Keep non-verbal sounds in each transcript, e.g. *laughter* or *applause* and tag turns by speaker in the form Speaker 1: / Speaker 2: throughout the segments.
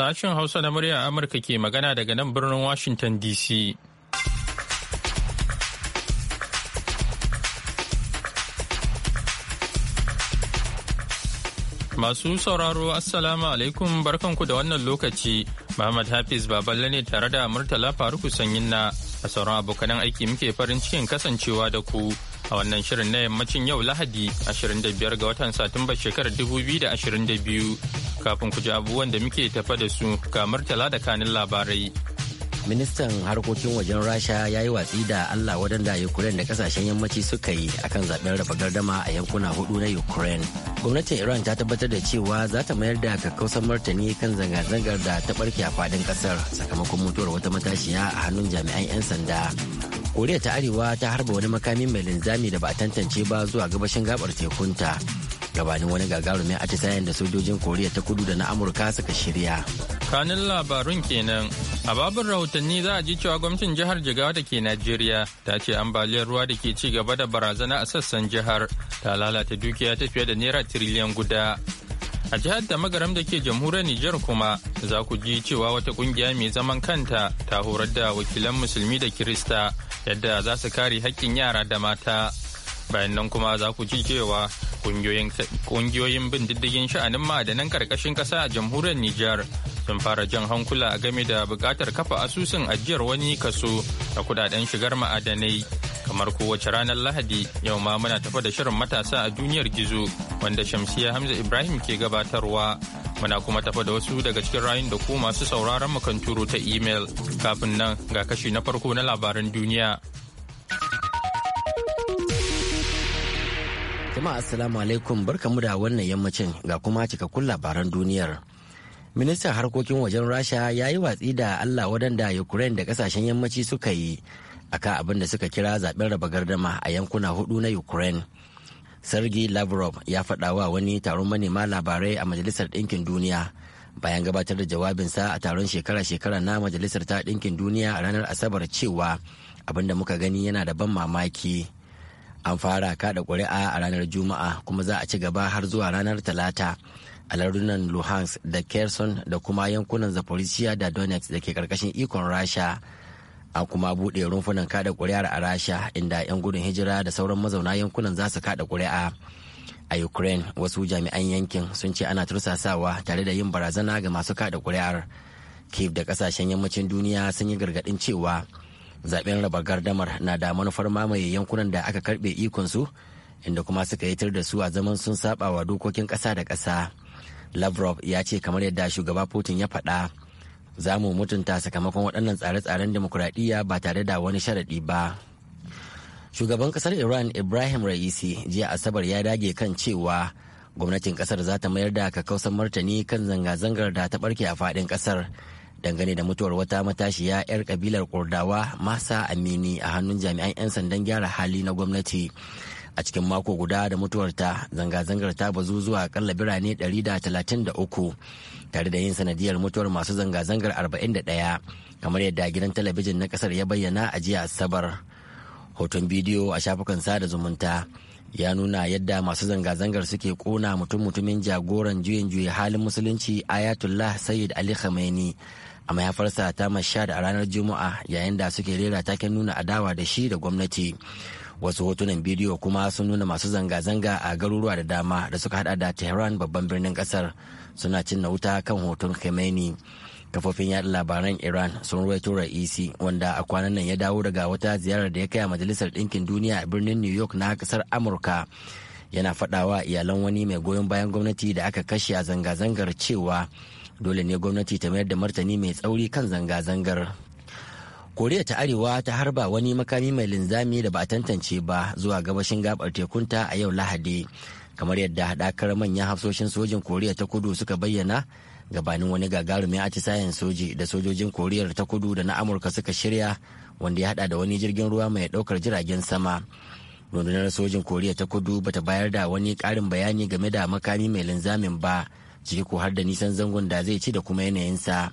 Speaker 1: Sashen Hausa na murya Amurka ke magana daga nan birnin Washington DC. Masu sauraro Assalamu alaikum barkanku da wannan lokaci. Muhammad Hafiz Baballe ne tare da Murtala Faruku Sanyin na a sauran abokanan aiki muke farin cikin kasancewa da ku a wannan shirin na yammacin yau Lahadi 25 ga watan Satumba shekarar 2022. kafin ku ji abubuwan da muke tafa da su kamar tala da kanin labarai.
Speaker 2: Ministan harkokin wajen Rasha ya yi watsi da Allah waɗanda Ukraine da kasashen yammaci suka yi akan zaben raba gardama a yankuna hudu na Ukraine. Gwamnatin Iran ta tabbatar da cewa za ta mayar da kakkausar martani kan zanga-zangar da ta barke a fadin kasar sakamakon mutuwar wata matashiya a hannun jami'an 'yan sanda. koriya ta arewa ta harba wani makami mai linzami da ba a tantance ba zuwa gabashin gabar tekunta gabanin wani gagarumin atisayen da sojojin koriya ta kudu da na amurka suka shirya
Speaker 1: kanin labarun kenan a babin rahotanni za a ji cewa gwamnatin jihar jigawa da ke najeriya ta ce ambaliyar ruwa da ke ci gaba da barazana a sassan jihar ta lalata dukiya ta fiye da naira tiriliyan guda a jihar da magaram da ke jamhuriyar Nijar kuma za ku ji cewa wata kungiya mai zaman kanta ta horar da wakilan musulmi da kirista yadda za su kare haƙƙin yara da mata bayan nan kuma za ku ji cewa kungiyoyin bin diddigin sha'anin ma'adanan karkashin kasa a jamhuriyar Nijar sun fara jan hankula a game da bukatar kafa asusun ajiyar wani kaso a kudaden shigar ma'adanai kamar kowace ranar lahadi yau ma muna tafa da shirin matasa a duniyar gizo wanda shamsiya hamza ibrahim ke gabatarwa muna kuma tafa da wasu daga cikin rayun da ku masu sauraron mu ta imel kafin nan ga kashi na farko na labaran duniya
Speaker 2: Jama'a assalamu alaikum barkamu da wannan yammacin ga kuma cikakkun labaran duniyar. Ministan harkokin wajen Rasha ya yi watsi da Allah wadanda Ukraine da kasashen yammaci suka yi akan abin da suka kira zaben raba gardama a yankuna hudu na Ukraine. sergi Lavrov ya faɗa wa wani taron manema labarai a Majalisar Ɗinkin Duniya bayan gabatar da jawabinsa a taron shekara-shekara na Majalisar ta Ɗinkin Duniya a ranar Asabar cewa abin da muka gani yana da ban mamaki. an fara kada kuri'a a ranar juma'a kuma za a ci gaba har zuwa ranar talata a lardunan luhansk da kherson da kuma yankunan zaporizhia da donetsk da ke karkashin ikon rasha a kuma buɗe rumfunan kada ƙuri'ar a rasha inda 'yan gudun hijira da sauran mazauna yankunan za su kada ƙuri'a a ukraine wasu jami'an yankin sun ce ana tursasawa tare da yin barazana ga masu kada ƙuri'ar kiev da ƙasashen yammacin duniya sun yi gargaɗin cewa zaben raba gardamar na da manufar mamaye yankunan da aka karbe ikonsu inda kuma suka yi tar da su a zaman sun saba wa dokokin kasa da kasa lavrov ya ce kamar yadda shugaba putin ya faɗa za mu mutunta sakamakon waɗannan tsare-tsaren demokuraɗiyya ba tare da wani sharaɗi ba shugaban kasar iran ibrahim ra'isi jiya asabar ya dage kan cewa gwamnatin kasar za ta mayar da kakausan martani kan zanga-zangar da ta barke a faɗin kasar. dangane da mutuwar wata matashiya 'yar kabilar kurdawa masa amini a hannun jami'an 'yan sandan gyara hali na gwamnati a cikin mako guda da mutuwarta zanga-zangar ta bazu zuwa akalla birane 133 tare da yin sanadiyar mutuwar masu zanga-zangar 41 kamar yadda gidan talabijin na kasar ya bayyana a jiya asabar hoton bidiyo a shafukan sada zumunta ya nuna yadda masu zanga-zangar suke kona mutum-mutumin jagoran juyin juya halin musulunci ayatollah sayyid ali khamenei a mayafarsa ta mashad a ranar juma'a yayin da suke rera taken nuna adawa da shi da gwamnati wasu hotunan bidiyo kuma sun nuna masu zanga-zanga a garuruwa da dama da suka hada da tehran babban birnin kasar suna na wuta kan hoton khamenei kafofin yada labaran iran sun ruwaito ra'isi wanda a kwanan nan ya dawo daga wata ziyarar da ya kai a majalisar ɗinkin duniya a birnin new york na kasar amurka yana faɗawa iyalan wani mai goyon bayan gwamnati da aka kashe a zanga-zangar cewa dole ne gwamnati ta mayar da martani mai tsauri kan zanga-zangar koriya ta arewa ta harba wani makami mai linzami da ba tantance ba zuwa gabashin gabar tekunta a yau lahadi kamar yadda haɗakar manyan hafsoshin sojin koriya ta kudu suka bayyana gabanin wani gagarumin atisayen soji da sojojin koriyar ta kudu da na amurka suka shirya wanda ya hada da wani jirgin ruwa mai daukar jiragen sama rundunar sojin koriya ta kudu bata bayar da wani karin bayani game da makami mai linzamin ba ciki ko har da nisan zangon da zai ci da kuma yanayinsa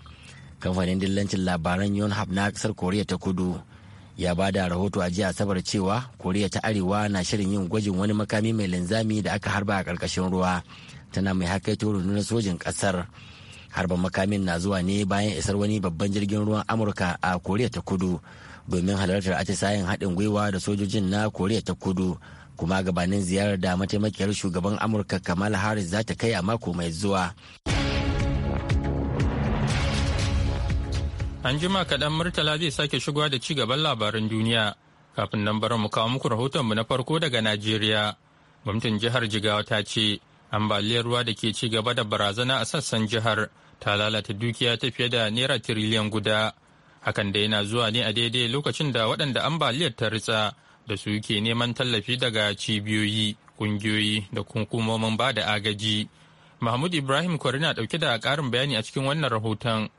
Speaker 2: kamfanin dillancin labaran hap na kasar koriya ta kudu ya ba da rahoto a jiya asabar cewa koriya ta arewa na shirin yin gwajin wani makami mai linzami da aka harba a karkashin ruwa tana mai hakaito na sojin kasar harban makamin na zuwa ne bayan isar wani babban jirgin ruwan amurka a koriya ta kudu domin halartar atisayen haɗin gwiwa da sojojin na koriya ta kudu kuma gabanin ziyarar da mataimakiyar shugaban amurka kamala harris za ta kai a mako mai zuwa
Speaker 1: an jima kaɗan murtala zai sake shigowa da ci gaban labaran duniya kafin nan bar mu kawo muku rahotonmu na farko daga najeriya gwamnatin jihar jigawa ta ce ambaliyar ruwa da ke ci gaba da barazana a sassan jihar ta lalata dukiya ta fiye da naira tiriliyan guda hakan da yana zuwa ne a daidai lokacin da waɗanda ambaliyar ta ritsa da su ke neman tallafi daga cibiyoyi kungiyoyi da kunkumomin ba da agaji mahmud ibrahim kwari na dauke da karin bayani a cikin wannan rahoton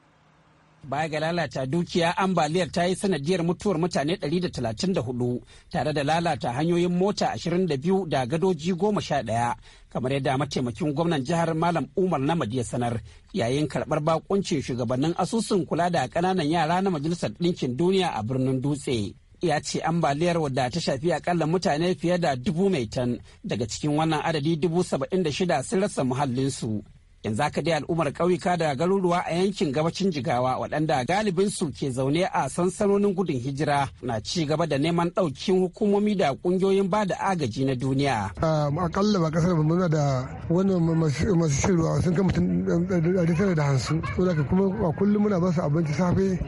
Speaker 3: baya ga lalata dukiya ambaliyar ta yi sanadiyar mutuwar mutane 134 tare da lalata hanyoyin mota 22 da gadoji 11 kamar yadda mataimakin gwamnan jihar malam umar na ya sanar yayin karbar bakuncin shugabannin asusun kula da kananan yara na majalisar ɗinkin duniya a birnin dutse ya ce ambaliyar wadda ta shafi akalla mutane fiye da dubu mai tan daga cikin wannan adadi dubu saba'in da shida sun rasa muhallinsu yanzu haka dai al'ummar ƙauyuka da garuruwa a yankin gabacin jigawa waɗanda galibinsu ke zaune a sansanonin gudun hijira na ci gaba da neman ɗaukin hukumomi da ƙungiyoyin ba da agaji na duniya.
Speaker 4: akalla ba kasar muna da wani masu shirwa sun kama mutum da hansu. kuma a kullum muna basu abinci safe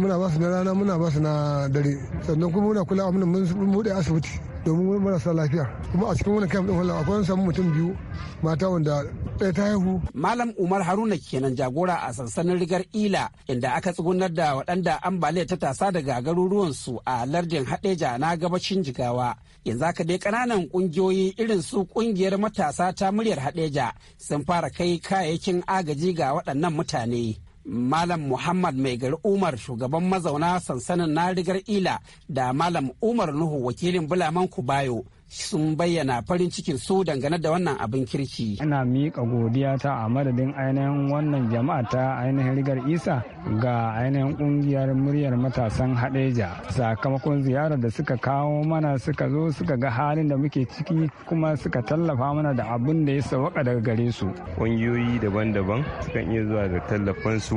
Speaker 4: muna ba su na rana muna ba su na dare sannan kuma muna kula mun mun bude asibiti domin marasa lafiya kuma a cikin wani kamp din wallan akwai samu mutum biyu mata wanda ɗaya ta haihu
Speaker 3: malam umar haruna kenan jagora a sansanin rigar ila inda aka tsugunar da waɗanda ambaliya ta tasa daga garuruwan su a lardin hadeja na gabashin jigawa yanzu haka dai ƙananan ƙungiyoyi irin su ƙungiyar matasa ta muryar haɗeja sun fara kai kayayyakin agaji ga waɗannan mutane Malam Muhammad Mai gari Umar shugaban mazauna sansanin na rigar ila da Malam Umar Nuhu wakilin Bulaman Kubayo sun bayyana farin cikin su dangane da wannan abin kirki.
Speaker 5: Ina miƙa godiya ta a madadin ainihin wannan jama'a ta ainihin rigar isa ga ainihin ƙungiyar muryar matasan haɗeja sakamakon ziyarar da suka kawo mana suka zo suka ga halin da muke ciki kuma suka tallafa mana da abin da ya sawaka daga gare su. Ƙungiyoyi daban-daban sukan iya zuwa da tallafan su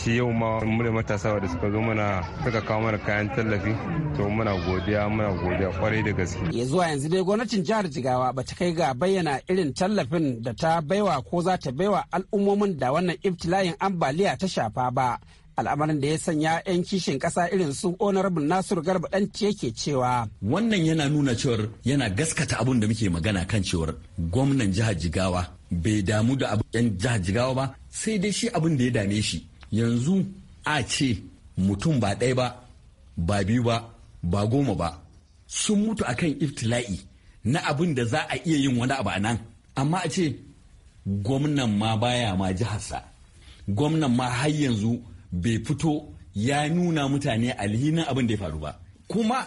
Speaker 5: shi yau ma muryar matasa da suka zo mana suka kawo mana kayan tallafi to muna godiya muna godiya kwarai da gaske.
Speaker 3: yanzu dai gwamnatin jihar Jigawa ba ta kai ga bayyana irin tallafin da ta baiwa ko za ta baiwa al'ummomin da wannan ibtila'in ambaliya ta shafa ba. al'amarin da ya sanya 'yan kishin ƙasa irin su honorable nasiru garba dan yake cewa
Speaker 6: wannan yana nuna cewar yana gaskata abun da muke magana kan cewar gwamnan jihar jigawa bai damu da abu yan jihar jigawa ba sai dai shi abun da ya dame shi yanzu a ce mutum ba ɗaya ba ba biyu ba ba goma ba sun mutu akan iftila'i na abin da za a iya yin wani abu a nan amma a ce gwamnan ma baya ma jiharsa gwamnan ma har yanzu bai fito ya nuna mutane alhinin abin da ya faru ba kuma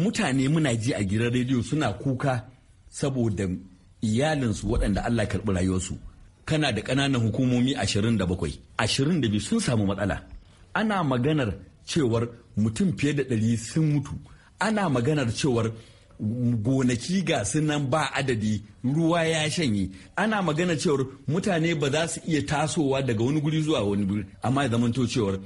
Speaker 6: mutane muna ji a gidan rediyo suna kuka saboda iyalinsu waɗanda Allah karɓi rayuwarsu kana da ƙananan hukumomi 27 22 sun samu matsala ana maganar cewar mutum fiye da ɗari sun mutu ana maganar cewar gonaki ga nan ba adadi ruwa ya shanye ana magana cewar mutane ba za su iya tasowa daga wani guri zuwa wani guri amma ya zamanto cewar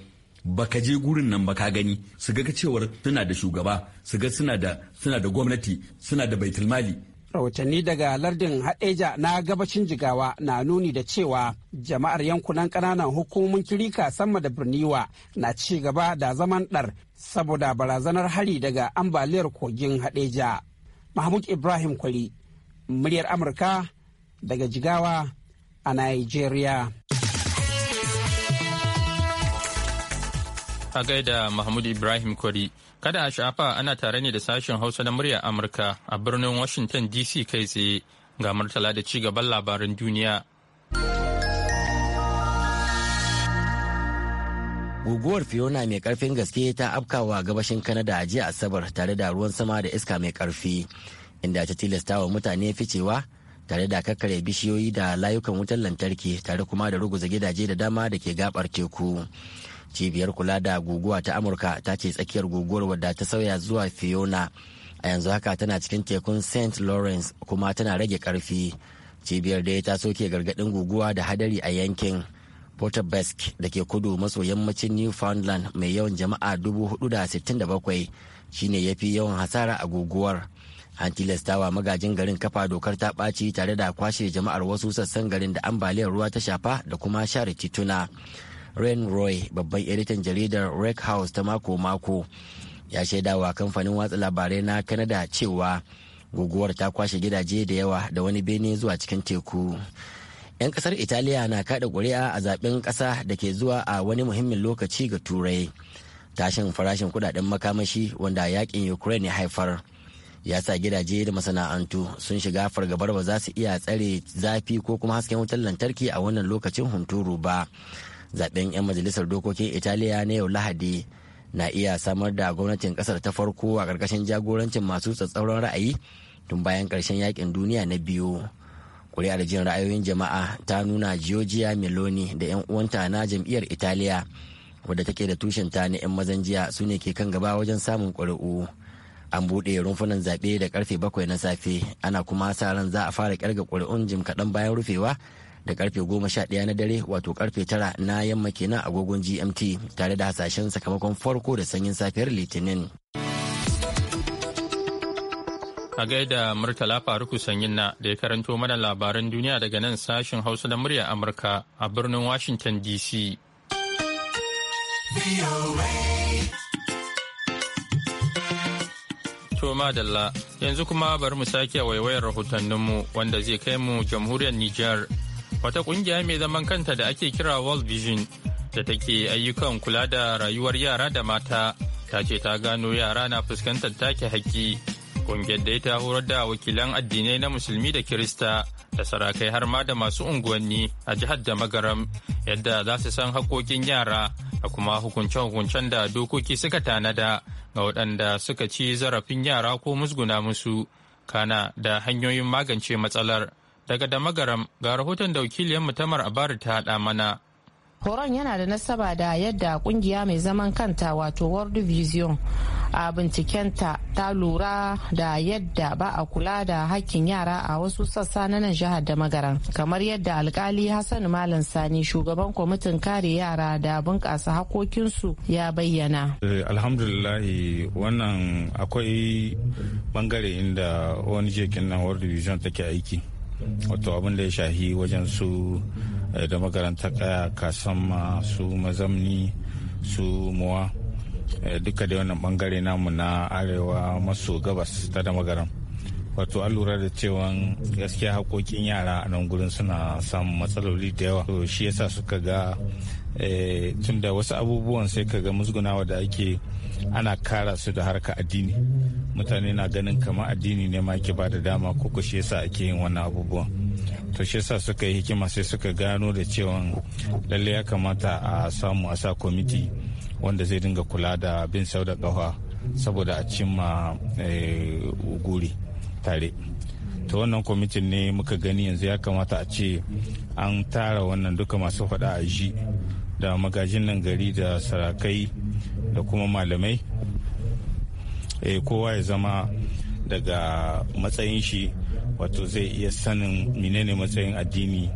Speaker 6: baka je gurin nan baka gani su ga cewar suna da shugaba su ga suna da gwamnati suna da baitulmali
Speaker 3: rahotanni daga lardin haɗeja na gabashin jigawa na nuni da cewa jama'ar yankunan ƙananan hukumomin kirika sama da birniwa na ci gaba da zaman ɗar saboda barazanar hari daga ambaliyar kogin hadeja mahmud ibrahim kwari muryar amurka daga jigawa a nigeria
Speaker 1: a gaida mahmud ibrahim kwari kada a shafa ana tare ne da sashen hausa na muryar amurka a birnin washington dc kai tsaye ga murtala da ci gaban labaran duniya
Speaker 2: guguwar fiona mai karfin gaske ta afkawa gabashin kanada a jiya asabar tare da ruwan sama da iska mai karfi inda ta tilasta wa mutane ficewa tare da kakkare bishiyoyi da layukan wutar lantarki tare kuma da ruguza gidaje da dama da ke gabar teku cibiyar kula da guguwa ta amurka ta ce tsakiyar guguwar wadda ta sauya zuwa fiona a yanzu haka tana cikin tekun st lawrence kuma tana rage karfi cibiyar da ta soke gargadin guguwa da hadari a yankin Porterbesk da ke kudu maso yammacin Newfoundland mai yawan jama'a 467 shine ya fi yawan hasara a guguwar. An tilastawa magajin garin kafa dokar ta ɓaci tare da kwashe jama'ar wasu sassan garin da ambaliyar ruwa ta shafa da kuma share tituna. Ren Roy babban editan jaridar Rec House ta mako-mako ya shaidawa kamfanin watsa labarai na Canada cewa guguwar ta kwashe gidaje da yawa da wani bene zuwa cikin teku. 'yan kasar italiya na kada kuri'a a zaben kasa da ke zuwa a wani muhimmin lokaci ga turai tashin farashin kudaden makamashi wanda yakin ukraine ya haifar ya sa gidaje da masana'antu sun shiga fargabar ba za su iya tsare zafi ko kuma hasken wutar lantarki a wannan lokacin hunturu ba zaben 'yan majalisar dokokin italiya na yau lahadi na iya samar da gwamnatin kasar ta farko a ƙarƙashin jagorancin masu tsatsauran ra'ayi tun bayan ƙarshen yakin duniya na biyu kuri'ar jin ra'ayoyin jama'a ta nuna Giorgia Meloni da 'yan uwanta na jam'iyyar Italiya wadda take da tushen ta na 'yan mazan jiya su ne ke kan gaba wajen samun ƙuri'u. An buɗe rumfunan zaɓe da karfe bakwai na safe ana kuma sa ran za a fara ƙirga ƙuri'un jim kaɗan bayan rufewa da karfe goma sha ɗaya na dare wato karfe tara na yamma kenan agogon GMT tare da hasashen sakamakon farko da sanyin safiyar Litinin.
Speaker 1: A gaida Murtala Faruku na da ya karanto mana labaran duniya daga nan sashen Hausa da murya Amurka a birnin Washington DC. To madalla yanzu kuma bari mu sake waiwayar rahotanninmu wanda zai kai mu jamhuriyar Nijar. Wata kungiya mai zaman kanta da ake kira World Vision da take ayyukan kula da rayuwar yara da mata ta ce ta gano yara na fuskantar take haƙƙi Ƙungiyar dai ta horar da wakilan addinai na musulmi da Kirista da sarakai har ma da masu unguwanni a jihar da magaram yadda za su san haƙoƙin yara da kuma hukunce-hukuncen da dokoki suka tanada ga waɗanda suka ci zarafin yara ko musguna musu kana da hanyoyin magance matsalar. Daga da magaram ga rahoton da wakiliyar mutamar abar ta haɗa mana
Speaker 7: horon yana da nasaba da yadda kungiya mai zaman kanta wato world vision a bincikenta ta lura da yadda ba a kula da hakkin yara a wasu sassa na nan jihar da magaran kamar yadda alkali hassan malam sani shugaban kwamitin kare yara da bunƙasa hakokinsu ya bayyana
Speaker 8: eh, alhamdulillahi wannan akwai bangare inda wani jekin nan world vision take aiki wato abin da ya shahi wajen su eh, da makarantar kaya eh, kasamma su mazamni su muwa eh, duka da wannan bangare namu na arewa maso gabas ta da wato an lura da cewa gaskiya haƙoƙin yara a nan gurin suna samun matsaloli da yawa to shi yasa suka ga tun da wasu abubuwan sai ka ga musgunawa da ake ana kara su da harka addini mutane na ganin kama addini ne ma ke ba da dama ko ku shi yasa ake yin wannan abubuwan to shi yasa suka yi hikima sai suka gano da cewa lalle ya kamata a samu a sa kwamiti wanda zai dinga kula da bin sau da ƙafa saboda a cimma eh, guri tare ta wannan kwamitin ne muka gani yanzu ya kamata a ce an tara wannan duka masu faɗa a ji da magajin nan gari da sarakai da kuma malamai eh, kowa ya zama daga matsayin shi wato zai iya sanin menene matsayin addini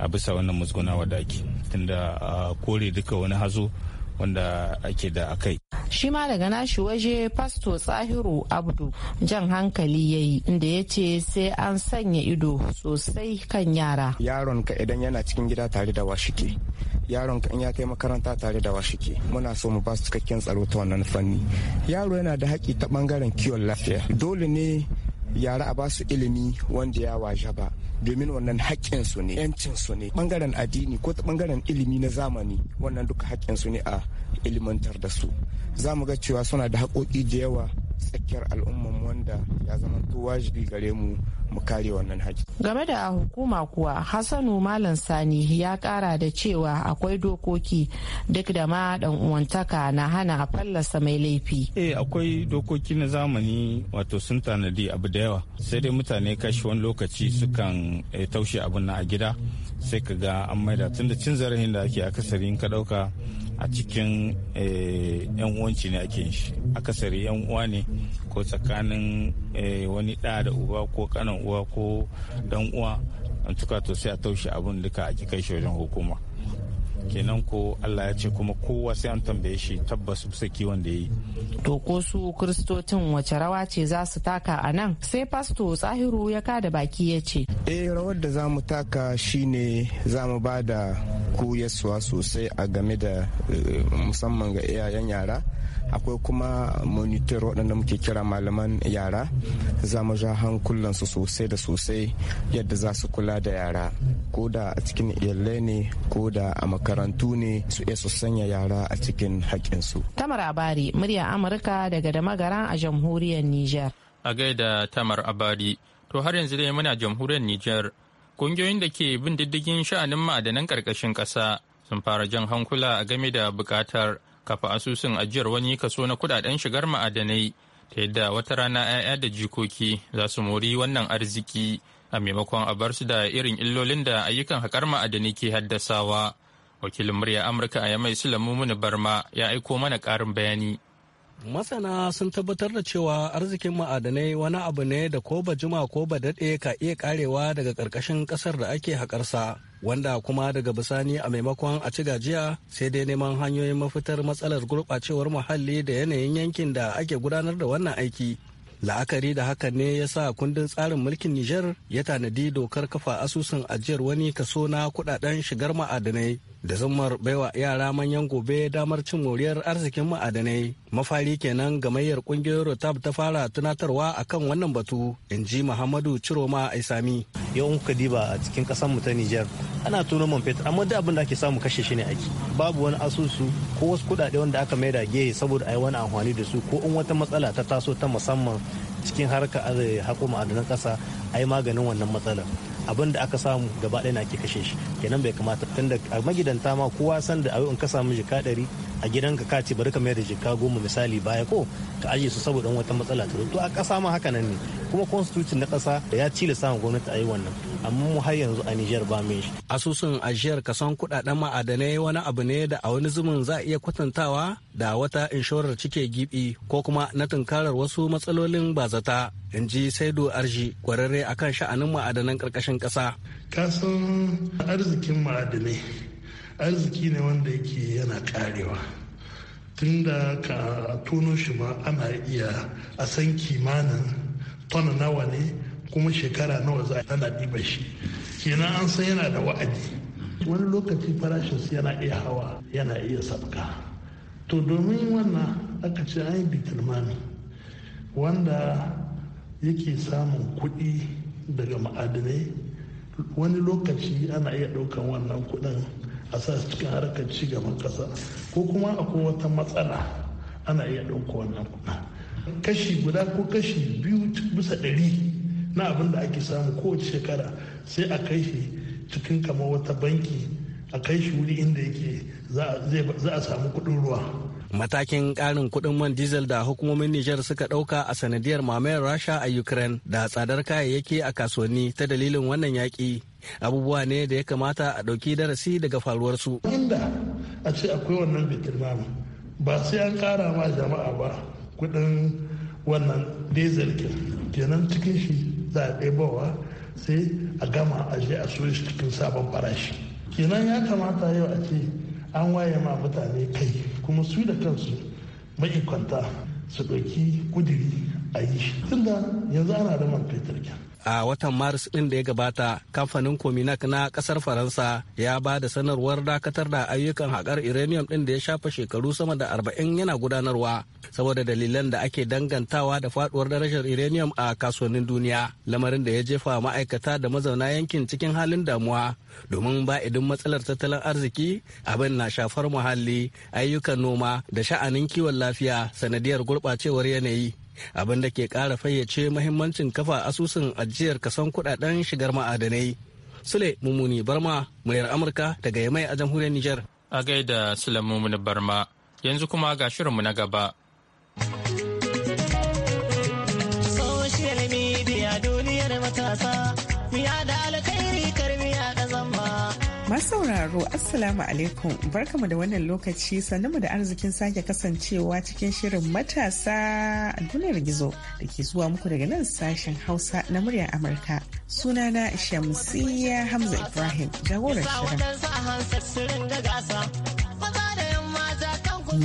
Speaker 8: a bisa wannan musguna wadda ake tunda kore duka wani hazo wanda ake da akai.
Speaker 7: Shi ma daga nashi waje Pasto Tsahiru Abdu jan hankali ya yi inda ya ce sai an sanya ido sosai kan yara.
Speaker 5: Yaron ka idan yana cikin gida tare da washike yaron kan ya kai makaranta tare da washike muna so mu ba su cikakken tsaro ta wannan fanni yaro yana da haƙƙi ta bangaren kiwon lafiya dole ne yara a ba su ilimi wanda ya waje ba domin wannan su ne yancinsu ne bangaren addini ko ta bangaren ilimi na zamani wannan duka su ne a ilimantar da su za mu ga cewa suna da haƙoƙi da yawa tsakiyar al'umman wanda ya zama to wajibi gare mu mu kare wannan haƙƙi.
Speaker 7: Game da hukuma kuwa Hassanu Malam Sani ya kara da cewa akwai dokoki duk da ma dan uwantaka na hana a fallasa mai laifi. Eh
Speaker 8: akwai dokoki na zamani wato sun tanadi abu da yawa sai dai mutane kashi wani lokaci sukan eh, taushe abin na a gida sai ka ga an maida tunda cin zarafin da ake akasari in ka ɗauka a cikin eh, yan uwanci ne ake shi akasari yan uwa ne ko tsakanin eh, wani ɗa da uba ko kanan uwa ko dan uwa an tuka to sai a taushe abun duka a kai shi wajen hukuma kenan ko Allah ya ce kuma kowa sai an tambaye shi tabbas bisa kiwon da yi
Speaker 7: to ko su kristocin wace rawa ce za su taka a nan sai pasto tsahiru ya kada baki ya ce
Speaker 5: eh rawar da za mu taka shi ne za mu ba da koyaswa sosai a game da eh, musamman ga iyayen yara akwai kuma monitor waɗanda muke kira malaman yara za mu ja hankulansu sosai da sosai yadda za su kula da yara ko da a cikin iyalai ne ko da a makarantu
Speaker 1: ne su iya su sanya yara a cikin haƙƙinsu.
Speaker 7: tamar abari murya amurka daga da magaran a jamhuriyar niger
Speaker 1: a gaida tamar abari to har yanzu dai muna jamhuriyar niger kungiyoyin da ke bin diddigin sha'anin ma'adanan ƙarƙashin ƙasa sun fara jan hankula a game da buƙatar kafa asusun ajiyar wani kaso na kudaden shigar ma'adanai ta yadda wata rana 'ya'ya da jikoki za su mori wannan arziki a maimakon a bar su da irin illolin da ayyukan haƙar ma'adanai ke haddasawa wakilin murya amurka a yamai sulamu barma ya aiko mana ƙarin bayani
Speaker 9: Masana sun tabbatar da cewa arzikin ma'adanai wani abu ne da ko ba jima ko ba daɗe ka iya karewa daga ƙarƙashin ƙasar da ake haƙarsa, wanda kuma daga bisani a maimakon a ci gajiya sai dai neman hanyoyin mafitar matsalar gurɓacewar muhalli da yanayin yankin da ake gudanar da wannan aiki. La'akari da hakan ne ya sa kundin tsarin mulkin Nijar ya tanadi dokar kafa asusun ajiyar wani kaso na kudaden shigar ma'adanai da zammar baiwa yara manyan gobe damar cin moriyar arzikin ma'adanai. Mafari kenan gamayyar kungiyar Rotab ta fara tunatarwa akan wannan batu, in ji Muhammadu Ciroma Aisami. Yawan kuka diba a cikin kasan mu ta Nijar ana tono man fetur amma duk abin da ake samu kashe shi ne aiki Babu wani asusu ko wasu kudade wanda aka maida gehe saboda a yi wani amfani da su ko in wata matsala ta taso ta musamman cikin harka haƙo ma'adanan ƙasa a yi maganin wannan matsalar abin da aka samu gaba ɗaya na ke kashe shi kenan bai kamata tunda a magidanta ma kowa san da in ka samu jika ɗari a gidan ka ce bari ka mayar da jikka goma misali baya ko ka aje su saboda wata matsala ta to a kasa ma haka nan ne kuma constitution na ƙasa ya cile samun gwamnati a yi wannan amma mu har yanzu a Niger ba mai shi. Asusun ajiyar kason kuɗaɗen ma'adanai wani abu ne da a wani zumin za a iya kwatantawa da wata inshorar cike gibi ko kuma na tunkarar wasu matsalolin bazata in ji Saidu Arji kwararre akan sha'anin ma'adanan karkashin kasa.
Speaker 10: Kasan arzikin ma'adanai arziki ne wanda yake yana karewa tunda ka tono shi ma ana iya a san kimanin tona nawa ne kuma shekara nawa za a ana ɗiba shi kenan an san yana da wa'adi wani lokaci farashinsu yana iya hawa yana iya sabka to domin wannan aka ce an yi bitirmani wanda yake samun kuɗi daga ma'adinai wani lokaci ana iya ɗaukan wannan kuɗin a sa su cikin harkar ci gaban ƙasa ko kuma akwai wata matsala ana iya ɗauka wannan kuɗa kashi guda ko kashi biyu bisa ɗari na abin da ake samu kowace shekara sai a kai shi cikin kama wata banki a kai shi wuri inda yake za a samu kuɗin ruwa
Speaker 9: matakin ƙarin kuɗin man diesel da hukumomin Nijar suka ɗauka a sanadiyar mamayar Rasha a Ukraine da tsadar kayayyaki a kasuwanni ta dalilin wannan yaƙi abubuwa ne da ya kamata a ɗauki darasi daga faruwar faruwarsu.
Speaker 10: Inda a ce akwai wannan bikin ba sai an kara ma jama'a ba kuɗin wannan diesel kenan cikin shi za a ɗebowa sai a gama a je a soya shi cikin sabon farashi. Kenan ya kamata yau a ce an waye ma mutane kai kuma su da kansu ma'ikanta su ɗauki kudiri a yi shi. Tunda yanzu ana da man fetur kenan.
Speaker 9: a watan maris ɗin da ya gabata kamfanin cominac na ƙasar faransa ya ba da sanarwar dakatar da ayyukan haƙar uranium din da ya shafa shekaru sama da arba'in yana gudanarwa saboda dalilan da ake dangantawa da faduwar darajar uranium a kasuwannin duniya lamarin da ya jefa ma'aikata da mazauna yankin cikin halin damuwa domin ba idin matsalar tattalin arziki abin na shafar muhalli ayyukan noma da sha'anin kiwon lafiya sanadiyar gurɓacewar yanayi abin da ke kara fayyace mahimmancin kafa asusun ajiyar kason kudaden shigar ma'adanai. Sule Mumuni Barma, muryar Amurka daga Yamai a jamhuriyar Nijar.
Speaker 1: A gaida Sule Mumuni Barma, yanzu kuma ga shirinmu na gaba.
Speaker 11: Masauraro Assalamu alaikum barkamu da wannan lokaci sannu da arzikin sake kasancewa cikin shirin matasa a duniyar gizo da ke zuwa muku daga nan sashen Hausa na muryar Amurka. Sunana Shamsiyya Hamza Ibrahim jagorar shirin.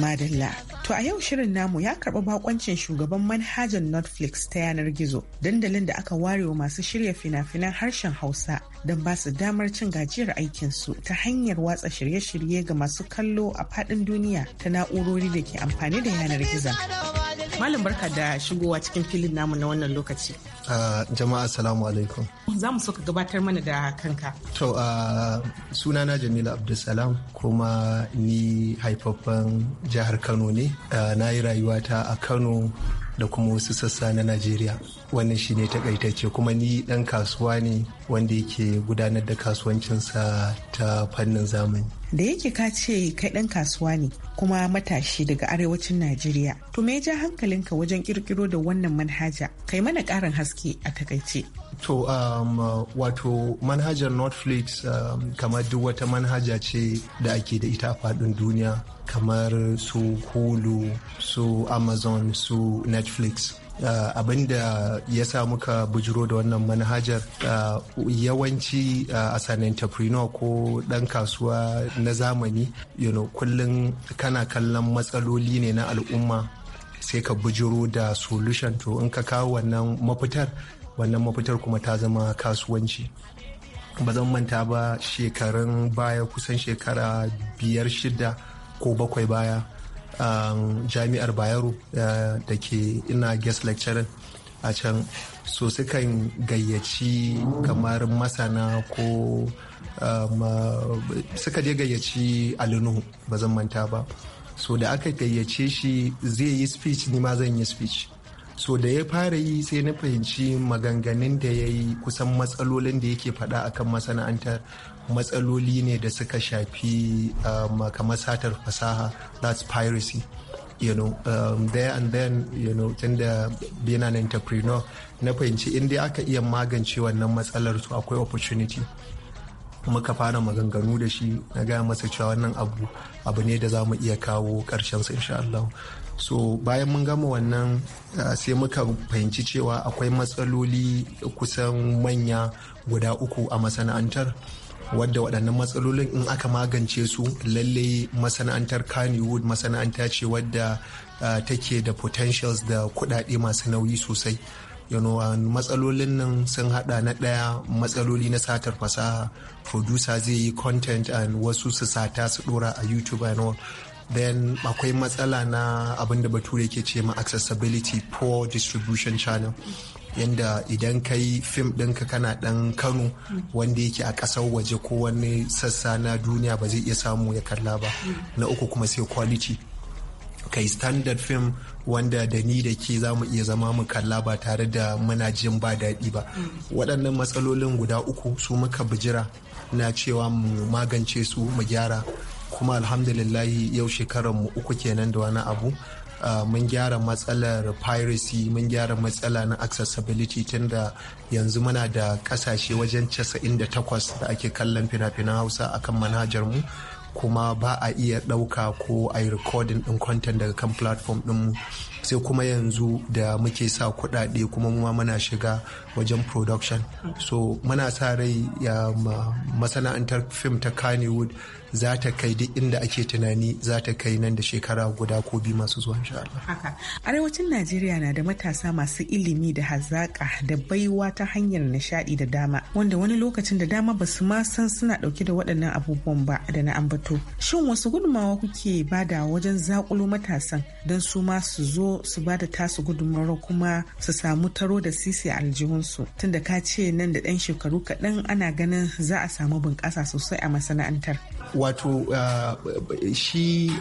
Speaker 11: Madalla. To a yau shirin namu ya karɓi bakoncin shugaban manhajar Netflix ta yanar gizo, dandalin da aka ware wa masu shirya fina-finan harshen Hausa don ba su damar cin gajiyar aikinsu ta hanyar watsa shirye-shirye ga masu kallo a faɗin duniya ta na'urori da ke amfani da yanar gizo. Malam barka da shigowa cikin filin namu na wannan lokaci.
Speaker 4: Uh, jama'a salamu alaikum.
Speaker 11: Za mu so ka gabatar mana da kanka.
Speaker 4: To uh, sunana Jamila Abdulsalam kuma ni haifaffen jihar Kano ne. Uh, na yi rayuwata a Kano da kuma wasu sassa na najeriya wannan shi shine takaitacce kuma ni ɗan kasuwa ne wanda yake gudanar da kasuwancinsa ta fannin zamani
Speaker 11: da yake ka ce kai ɗan kasuwa ne kuma matashi daga arewacin najeriya to me ja hankalinka wajen kirkiro da wannan manhaja kai mana karin haske a takaice
Speaker 4: to um, wato manhajar fleet um, kamar duk wata manhaja ce da ake da ita a faɗin duniya kamar su hulu su amazon su netflix Uh, abin da ya sa muka bujiro da wannan manhajar uh, yawanci uh, as an entrepreneur ko ɗan kasuwa na zamani you know, kullum kana kallon matsaloli ne na al'umma sai ka bujiro da solution to in ka kawo wannan mafitar wannan mafitar kuma ta zama kasuwanci ba zan manta ba shekarun baya kusan shekara biyar shida ko bakwai baya um, jami'ar bayero uh, da ke ina guest lecturer a can so sukan gayyaci kamar masana ko um, uh, suka je gayyaci alinu ba zan manta ba so da aka gayyace shi zai yi speech ni ma zan yi speech so da ya fara yi sai na fahimci maganganun da ya yi kusan matsalolin da yake faɗa akan masana'antar matsaloli ne da suka shafi um, kamar satar fasaha that's piracy you know um, there and then you know tunda being an entrepreneur na fahimci inda aka iya magance wannan matsalar to akwai opportunity muka fara maganganu da shi na gaya masa cewa wannan abu abu ne da za mu iya kawo karshen su insha Allah so bayan mun gama wannan ah, sai muka fahimci cewa akwai matsaloli kusan manya guda uku a masana'antar wadda waɗannan matsalolin in aka magance su lalle masana'antar kannywood masana'anta ce wadda ah, take da potentials da kuɗaɗe masu nauyi sosai matsalolin nan sun hada na ɗaya matsaloli na satar fasaha producer zai yi content and wasu su sata su dora a youtube and all then akwai matsala na abin da bature ke ce ma accessibility poor distribution channel yanda idan ka yi fim ɗinka kana ɗan kano wanda yake a ƙasar waje ko wani sassa na duniya ba zai iya samu ya kalla ba na uku kuma sai quality kai standard film wanda da ni da ke za mu iya zama mu kalla ba tare da muna jin ba daɗi ba waɗannan matsalolin guda uku su muka bijira na cewa mu magance su mu gyara kuma alhamdulillahi yau shekarar mu uku kenan da wani abu ah, mun gyara matsalar piracy mun gyara matsala na accessibility tunda yanzu muna da kasashe wajen 98 da ake kallon fina-finan hausa akan manhajar mu kuma ba a iya ɗauka ko a yi recording ɗin content daga kan platform ɗinmu sai kuma yanzu da muke sa kuɗaɗe kuma muma muna shiga wajen production so muna sa rai ya masana'antar fim ta kannywood za ta kai duk inda ake tunani za ta kai nan da shekara guda ko biyu masu zuwa insha
Speaker 11: Allah. Arewacin Najeriya na da matasa masu ilimi da hazaƙa da baiwa ta hanyar nishaɗi da dama wanda wani lokacin da dama ba su ma san suna ɗauke da waɗannan abubuwan ba da na ambato. Shin wasu gudunmawa kuke bada wajen zaƙulo matasan don su ma su zo su ba da tasu gudunmawar kuma su samu taro da sisi a aljihunsu tunda ka ce nan da ɗan shekaru kaɗan ana ganin za a samu bunƙasa sosai a masana'antar.
Speaker 4: Wato eh, shi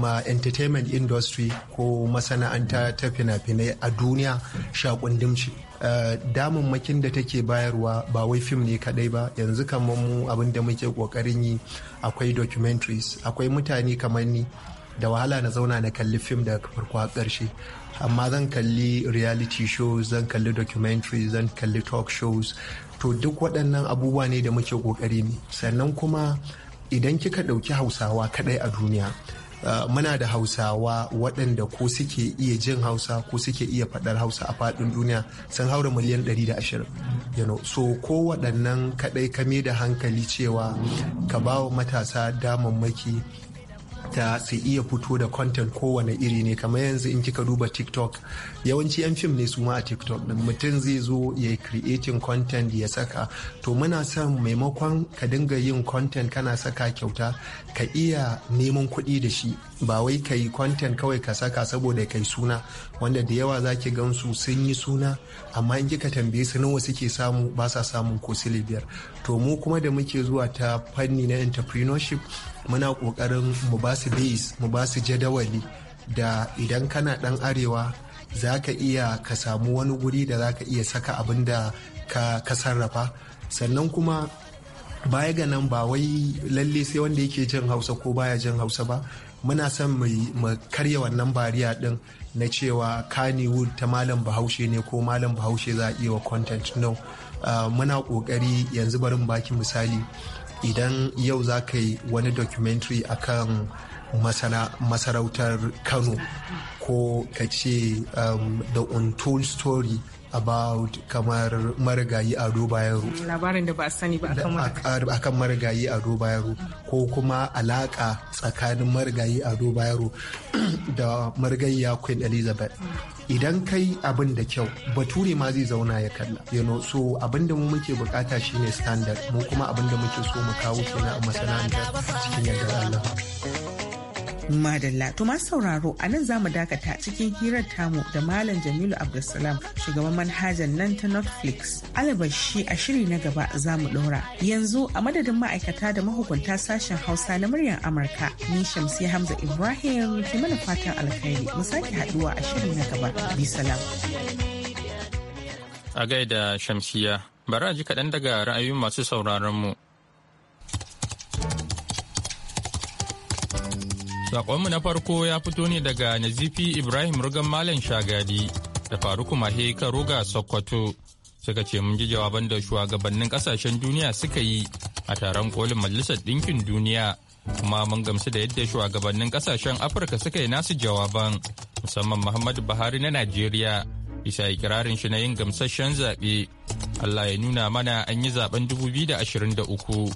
Speaker 4: ma um, entertainment industry ko masana'anta ta fina-finai a duniya shakundum ce. Eh, damammakin da take bayarwa ba wai fim ne kadai ba yanzu kamar mu abin da muke kokarin yi akwai documentaries akwai mutane kamar ni da wahala na zauna na kalli fim daga farko a ƙarshe amma zan kalli reality shows zan kalli documentary zan kalli talk shows to duk waɗannan abubuwa ne da muke ƙoƙari ne sannan kuma idan kika ɗauki hausawa kaɗai a duniya Uh, muna da hausawa waɗanda ko suke iya jin hausa ko suke iya faɗar hausa a faɗin duniya sun haura miliyan 120 you know, so ko waɗannan kaɗai kame da hankali cewa ka ba wa matasa damammaki ta su iya fito da content kowane iri ne kamar yanzu in kika duba tiktok yawanci yan fim ne su ma a tiktok da mutum zai zo ya yi creating content ya saka to muna son maimakon ka dinga yin content kana saka kyauta ka iya neman kuɗi da shi ba wai ka yi content kawai ka saka saboda kai suna wanda da yawa za ki gansu sun yi suna amma in kika tambaye su nawa suke samu ba sa samun ko biyar to mu kuma da muke zuwa ta fanni na entrepreneurship muna kokarin mu ba su base mu ba su jadawali da idan kana dan arewa za ka iya ka samu wani guri da za ka iya saka abin da ka, ka sarrafa sannan kuma baya ga nan ba wai lalle sai wanda yake jin hausa ko baya jin hausa ba muna son mu karya wannan bariya din na cewa kaniwood ta malam bahaushe ne ko malam bahaushe za a iya wa content no ah, muna kokari yanzu barin baki misali idan yau za ka yi wani documentary akan masarautar kano ko ka ce um, the untold story about kamar marigayi ado bayero
Speaker 11: a sani akan
Speaker 4: marigayi ado bayero ko kuma alaka tsakanin marigayi ado bayero *clears throat* da marigayi queen elizabeth idan kai abin da kyau bature ma zai zauna ya kalla you so abin da mu muke bukata shine
Speaker 11: standard mu kuma abin da muke so mu kawo kenan a masana'antar cikin yadda Allah Madalla to masu sauraro a nan zamu dakata cikin hirar tamu da Malam Jamilu Abdulsalam shugaban manhajar nan ta Netflix. Alabashi a shiri na gaba za mu ɗora. Yanzu a madadin ma'aikata da mahukunta sashen Hausa na muryar Amurka ni Shamsi Hamza Ibrahim ke mana fatan alkhairi mu sake haɗuwa a shiri na gaba. Bi salam.
Speaker 1: A gaida Shamsiya, bari a ji kaɗan daga ra'ayoyin masu sauraron mu. Sakonmu na farko ya fito ne daga Nazifi Ibrahim Rugan Malam Shagadi da Faruku Mahe ga Sokoto. Suka ce mun ji jawaban da shugabannin kasashen duniya suka yi a taron kolin Majalisar Ɗinkin Duniya. Kuma mun gamsu da yadda shugabannin kasashen Afirka suka yi nasu jawaban musamman Muhammadu Buhari na Najeriya. Bisa ikirarin shi na yin gamsashen zaɓe. Allah ya nuna mana an yi zaɓen da uku.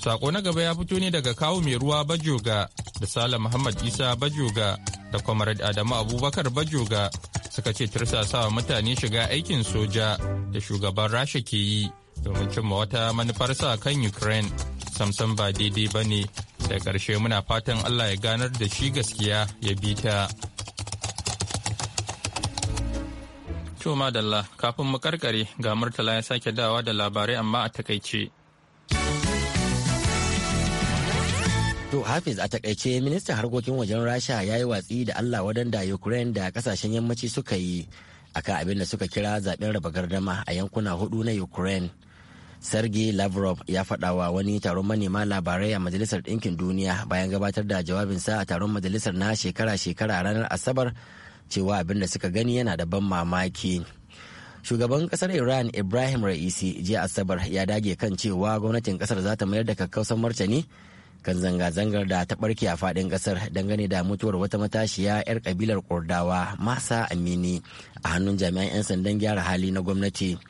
Speaker 1: Sako na gaba ya fito ne daga kawo mai ruwa Bajoga da Sala Muhammad Isa Bajoga da Comrade Adamu Abubakar Bajoga suka ce tirsasawa mutane shiga aikin soja da shugaban Rasha ke yi domin cimma wata manufarsa kan Ukraine samsam ba daidai ba ne. Da ƙarshe muna fatan Allah ya ganar da shi gaskiya ya bi ta. To madalla kafin mu karkare ga Murtala ya sake dawa da labarai amma a takaice. To
Speaker 2: Hafiz a takaice ministan harkokin wajen Rasha ya yi watsi da Allah wadanda Ukraine da kasashen yammaci suka yi akan abin da suka kira zaɓen raba gardama a yankuna hudu na Ukraine. Sergei Lavrov ya faɗa wa wani taron manema labarai a Majalisar Ɗinkin Duniya bayan gabatar da jawabinsa a taron majalisar na shekara-shekara ranar Asabar cewa abin da suka gani yana da ban mamaki. shugaban ƙasar iran ibrahim ra'isi jiya asabar ya dage kan cewa gwamnatin ƙasar za ta mayar da kakkausan martani kan zanga-zangar da ta barke a fadin kasar dangane da mutuwar wata matashiya 'yar kabilar kurdawa masa amini a hannun jami'an 'yan sandan gyara hali na gwamnati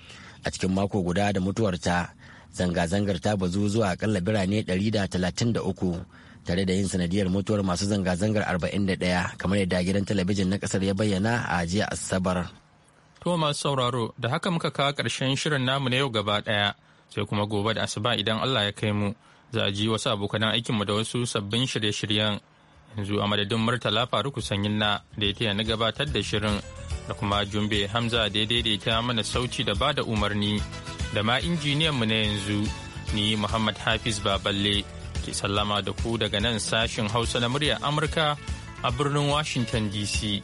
Speaker 2: a cikin mako guda da mutuwarta zanga-zangar ta bazu zuwa akalla birane 133 tare da yin sanadiyar mutuwar masu zanga-zangar 41 kamar yadda gidan talabijin na kasar ya bayyana a jiya asabar.
Speaker 1: To masu sauraro da haka muka kawo ƙarshen shirin namu na yau gaba ɗaya sai kuma gobe da asuba idan Allah ya kai mu za a ji wasu abokan aikinmu da wasu sabbin shirye-shiryen yanzu a madadin murtala faruku sanyin na da ya taya na gabatar da shirin da kuma jumbe hamza da ya daidaita mana sauci da ba da umarni da ma injiniyan mu na yanzu ni muhammad hafiz baballe ke sallama da ku daga nan sashin hausa na muryar amurka a birnin washington dc